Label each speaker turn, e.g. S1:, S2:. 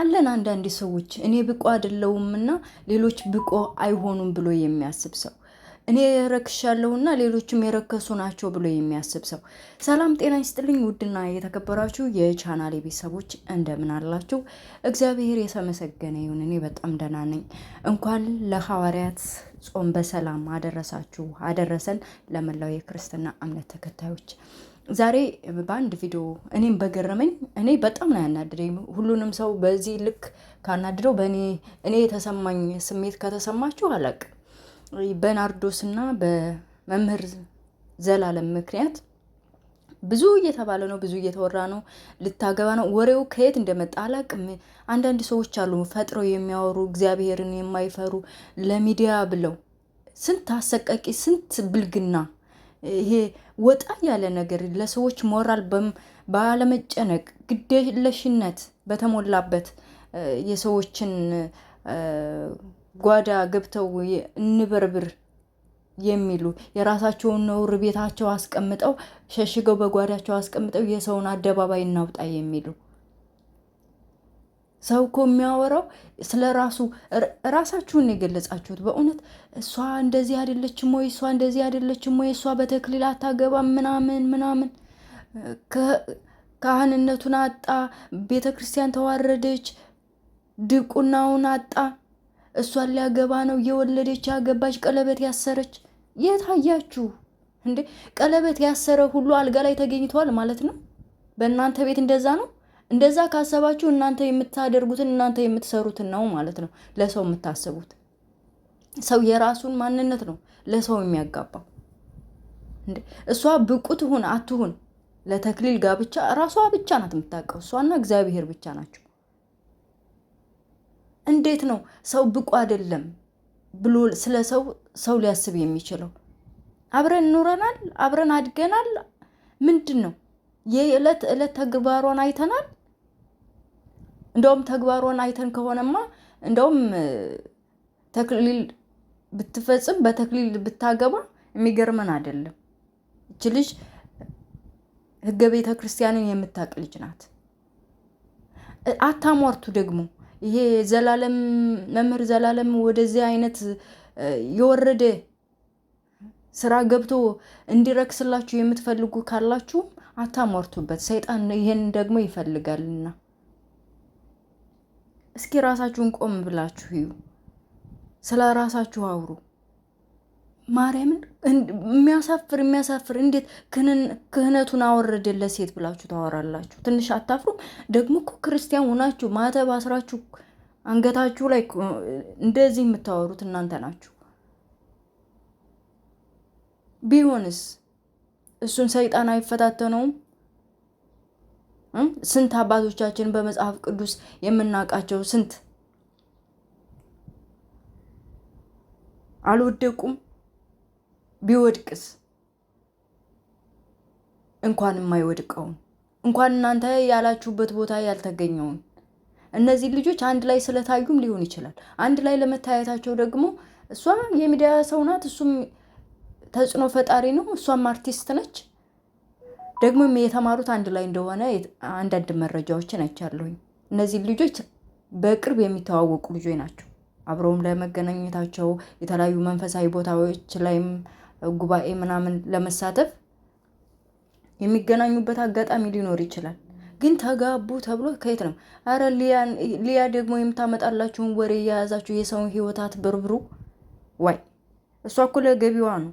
S1: አለን አንዳንድ ሰዎች እኔ ብቁ አይደለሁም እና ሌሎች ብቁ አይሆኑም ብሎ የሚያስብ ሰው፣ እኔ ረክሻለሁና ሌሎችም የረከሱ ናቸው ብሎ የሚያስብ ሰው። ሰላም ጤና ይስጥልኝ። ውድና የተከበራችሁ የቻናሌ ቤተሰቦች እንደምን አላችሁ? እግዚአብሔር የተመሰገነ ይሁን። እኔ በጣም ደህና ነኝ። እንኳን ለሐዋርያት ጾም በሰላም አደረሳችሁ አደረሰን። ለመላው የክርስትና እምነት ተከታዮች ዛሬ በአንድ ቪዲዮ እኔም በገረመኝ እኔ በጣም ነው ያናደደኝ ሁሉንም ሰው በዚህ ልክ ካናድደው በእኔ እኔ የተሰማኝ ስሜት ከተሰማችሁ አላቅ በናርዶስና በመምህር ዘላለም ምክንያት ብዙ እየተባለ ነው፣ ብዙ እየተወራ ነው። ልታገባ ነው። ወሬው ከየት እንደመጣ አላቅም። አንዳንድ ሰዎች አሉ ፈጥረው የሚያወሩ እግዚአብሔርን የማይፈሩ ለሚዲያ ብለው ስንት አሰቃቂ ስንት ብልግና ይሄ ወጣ ያለ ነገር ለሰዎች ሞራል ባለመጨነቅ ግዴለሽነት በተሞላበት የሰዎችን ጓዳ ገብተው እንበርብር የሚሉ የራሳቸውን ነውር ቤታቸው አስቀምጠው ሸሽገው በጓዳቸው አስቀምጠው የሰውን አደባባይ እናውጣ የሚሉ ሰው እኮ የሚያወራው ስለ ራሱ ራሳችሁን የገለጻችሁት። በእውነት እሷ እንደዚህ አይደለችም ወይ እሷ እንደዚህ አይደለችም ወይ እሷ በተክሊል አታገባም ምናምን ምናምን፣ ካህንነቱን አጣ፣ ቤተ ክርስቲያን ተዋረደች፣ ድቁናውን አጣ፣ እሷን ሊያገባ ነው የወለደች ያገባች ቀለበት ያሰረች የታያችሁ እንዴ? ቀለበት ያሰረ ሁሉ አልጋ ላይ ተገኝተዋል ማለት ነው። በእናንተ ቤት እንደዛ ነው። እንደዛ ካሰባችሁ እናንተ የምታደርጉትን እናንተ የምትሰሩትን ነው ማለት ነው ለሰው የምታስቡት። ሰው የራሱን ማንነት ነው ለሰው የሚያጋባው። እሷ ብቁ ትሁን አትሁን ለተክሊል ጋብቻ እራሷ ብቻ ናት የምታውቀው። እሷና እግዚአብሔር ብቻ ናቸው። እንዴት ነው ሰው ብቁ አይደለም ብሎ ስለ ሰው ሰው ሊያስብ የሚችለው? አብረን ኑረናል? አብረን አድገናል። ምንድን ነው የዕለት ዕለት ተግባሯን አይተናል። እንደውም ተግባሯን አይተን ከሆነማ እንደውም ተክሊል ብትፈጽም በተክሊል ብታገባ የሚገርመን አይደለም። እች ልጅ ህገ ቤተ ክርስቲያንን የምታቅ ልጅ ናት። አታሟርቱ ደግሞ ይሄ ዘላለም መምህር ዘላለም ወደዚህ አይነት የወረደ ስራ ገብቶ እንዲረክስላችሁ የምትፈልጉ ካላችሁ አታሟርቱበት። ሰይጣን ይሄን ደግሞ ይፈልጋልና እስኪ ራሳችሁን ቆም ብላችሁ እዩ። ስለ ራሳችሁ አውሩ። ማርያምን የሚያሳፍር የሚያሳፍር እንዴት ክህነቱን አወረደለት ሴት ብላችሁ ታወራላችሁ? ትንሽ አታፍሩም? ደግሞ እኮ ክርስቲያን ሆናችሁ ማተብ አስራችሁ አንገታችሁ ላይ እንደዚህ የምታወሩት እናንተ ናችሁ። ቢሆንስ እሱን ሰይጣን አይፈታተነውም? ስንት አባቶቻችን በመጽሐፍ ቅዱስ የምናውቃቸው ስንት አልወደቁም? ቢወድቅስ እንኳን የማይወድቀውን እንኳን እናንተ ያላችሁበት ቦታ ያልተገኘውን እነዚህ ልጆች አንድ ላይ ስለታዩም ሊሆን ይችላል። አንድ ላይ ለመታየታቸው ደግሞ እሷ የሚዲያ ሰው ናት፣ እሱም ተጽዕኖ ፈጣሪ ነው፣ እሷም አርቲስት ነች። ደግሞ የተማሩት አንድ ላይ እንደሆነ አንዳንድ መረጃዎችን አይቻለሁኝ። እነዚህ ልጆች በቅርብ የሚተዋወቁ ልጆች ናቸው። አብረውም ለመገናኘታቸው የተለያዩ መንፈሳዊ ቦታዎች ላይም ጉባኤ ምናምን ለመሳተፍ የሚገናኙበት አጋጣሚ ሊኖር ይችላል። ግን ተጋቡ ተብሎ ከየት ነው? አረ ሊያ ደግሞ የምታመጣላችሁን ወሬ የያዛችሁ የሰውን ህይወታት አትበርብሩ። ዋይ እሷ እኮ ለገቢዋ ነው።